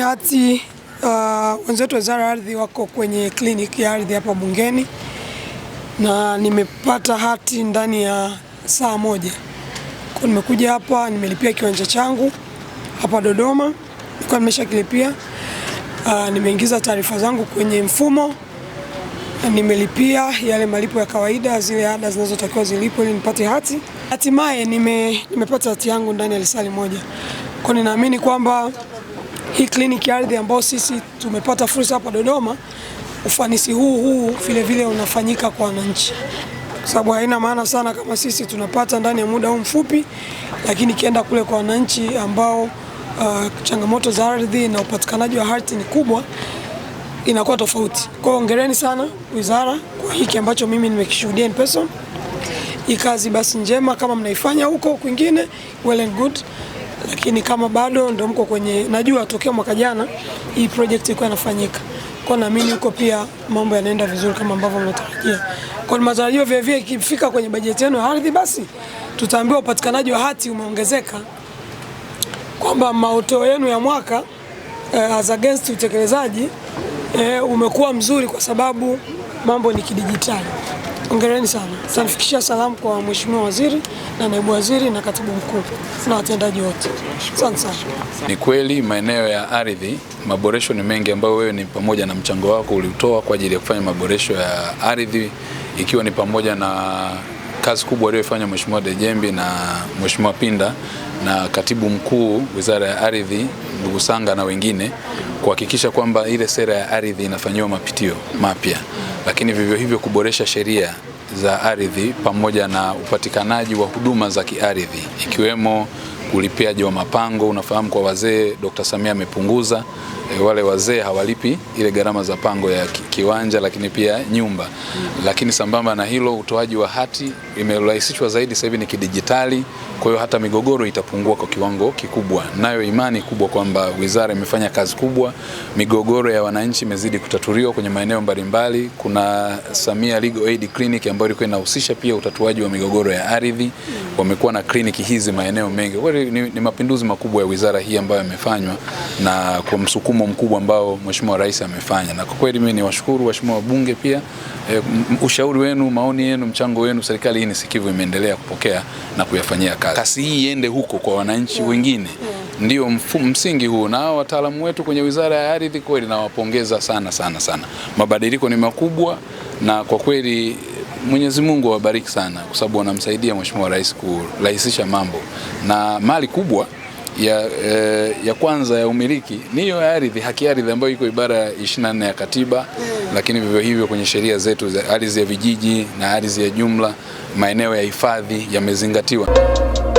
hati uh, wenzetu wizara ya ardhi wako kwenye kliniki ya ardhi hapa bungeni na nimepata hati ndani ya saa moja. Kwa nimekuja hapa nimelipia kiwanja changu hapa Dodoma, nilikuwa nimeshakilipia. Uh, nimeingiza taarifa zangu kwenye mfumo, nimelipia yale malipo ya kawaida, zile ada zinazotakiwa zilipo ili nipate hati. Hatimaye nime, nimepata hati yangu ndani ya lisali moja, kwa ninaamini kwamba hii kliniki ya ardhi ambayo sisi tumepata fursa hapa Dodoma, ufanisi huu huu vile vile unafanyika kwa wananchi, sababu haina maana sana kama sisi tunapata ndani ya muda huu mfupi, lakini kienda kule kwa wananchi ambao uh, changamoto za ardhi na upatikanaji wa ardhi ni kubwa, inakuwa tofauti. Kwa hiyo hongereni sana wizara kwa hiki ambacho mimi nimekishuhudia in person. Hii kazi basi njema kama mnaifanya huko kwingine, well and good lakini kama bado ndo mko kwenye, najua tokea mwaka jana hii project ilikuwa inafanyika kwa, naamini huko pia mambo yanaenda vizuri kama ambavyo mnatarajia. Kwa matarajio vile vile, ikifika kwenye bajeti yenu ya ardhi, basi tutaambiwa upatikanaji wa hati umeongezeka, kwamba maoteo yenu ya mwaka eh, as against utekelezaji eh, umekuwa mzuri kwa sababu mambo ni kidijitali. Hongereni sana. Tutamfikishia salamu kwa Mheshimiwa Waziri na Naibu Waziri na Katibu Mkuu na watendaji wote. Asante sana. Ni kweli maeneo ya ardhi maboresho ni mengi ambayo wewe ni pamoja na mchango wako uliutoa kwa ajili ya kufanya maboresho ya ardhi ikiwa ni pamoja na kazi kubwa aliyofanya Mheshimiwa Dejembi na Mheshimiwa Pinda na katibu mkuu Wizara ya Ardhi ndugu Sanga na wengine kuhakikisha kwamba ile sera ya ardhi inafanyiwa mapitio mapya, lakini vivyo hivyo kuboresha sheria za ardhi pamoja na upatikanaji wa huduma za kiardhi ikiwemo ulipiaji wa mapango. Unafahamu kwa wazee Dr. Samia amepunguza Eh, wale wazee hawalipi ile gharama za pango ya kiwanja, lakini pia nyumba mm. Lakini sambamba na hilo, utoaji wa hati imerahisishwa zaidi, sasa hivi ni kidijitali, kwa hiyo hata migogoro itapungua kwa kiwango kikubwa. Nayo imani kubwa kwamba wizara imefanya kazi kubwa, migogoro ya wananchi imezidi kutatuliwa kwenye maeneo mbalimbali. Kuna Samia Legal Aid Clinic ambayo ilikuwa inahusisha pia utatuaji wa migogoro ya ardhi mm. Wamekuwa na kliniki hizi maeneo mengi, kwa hiyo ni, ni mapinduzi makubwa ya wizara hii ambayo yamefanywa na kwa msukumo mfumo mkubwa ambao Mheshimiwa Rais amefanya, na kwa kweli mimi ni washukuru waheshimiwa wabunge pia e, ushauri wenu, maoni yenu, mchango wenu. Serikali hii ni sikivu, imeendelea kupokea na kuyafanyia kazi. Kasi hii iende huko kwa wananchi yeah. wengine yeah. Ndio msingi huu, na hao wataalamu wetu kwenye Wizara ya Ardhi kweli nawapongeza sana sana sana. Mabadiliko ni makubwa, na kwa kweli Mwenyezi Mungu awabariki sana, kwa sababu wanamsaidia Mheshimiwa Rais kurahisisha mambo na mali kubwa ya, eh, ya kwanza ya umiliki ni hiyo ardhi, haki ardhi ambayo iko ibara ya 24 ya katiba mm. Lakini vivyo hivyo kwenye sheria zetu za ardhi ya vijiji na ardhi ya jumla, maeneo ya hifadhi yamezingatiwa.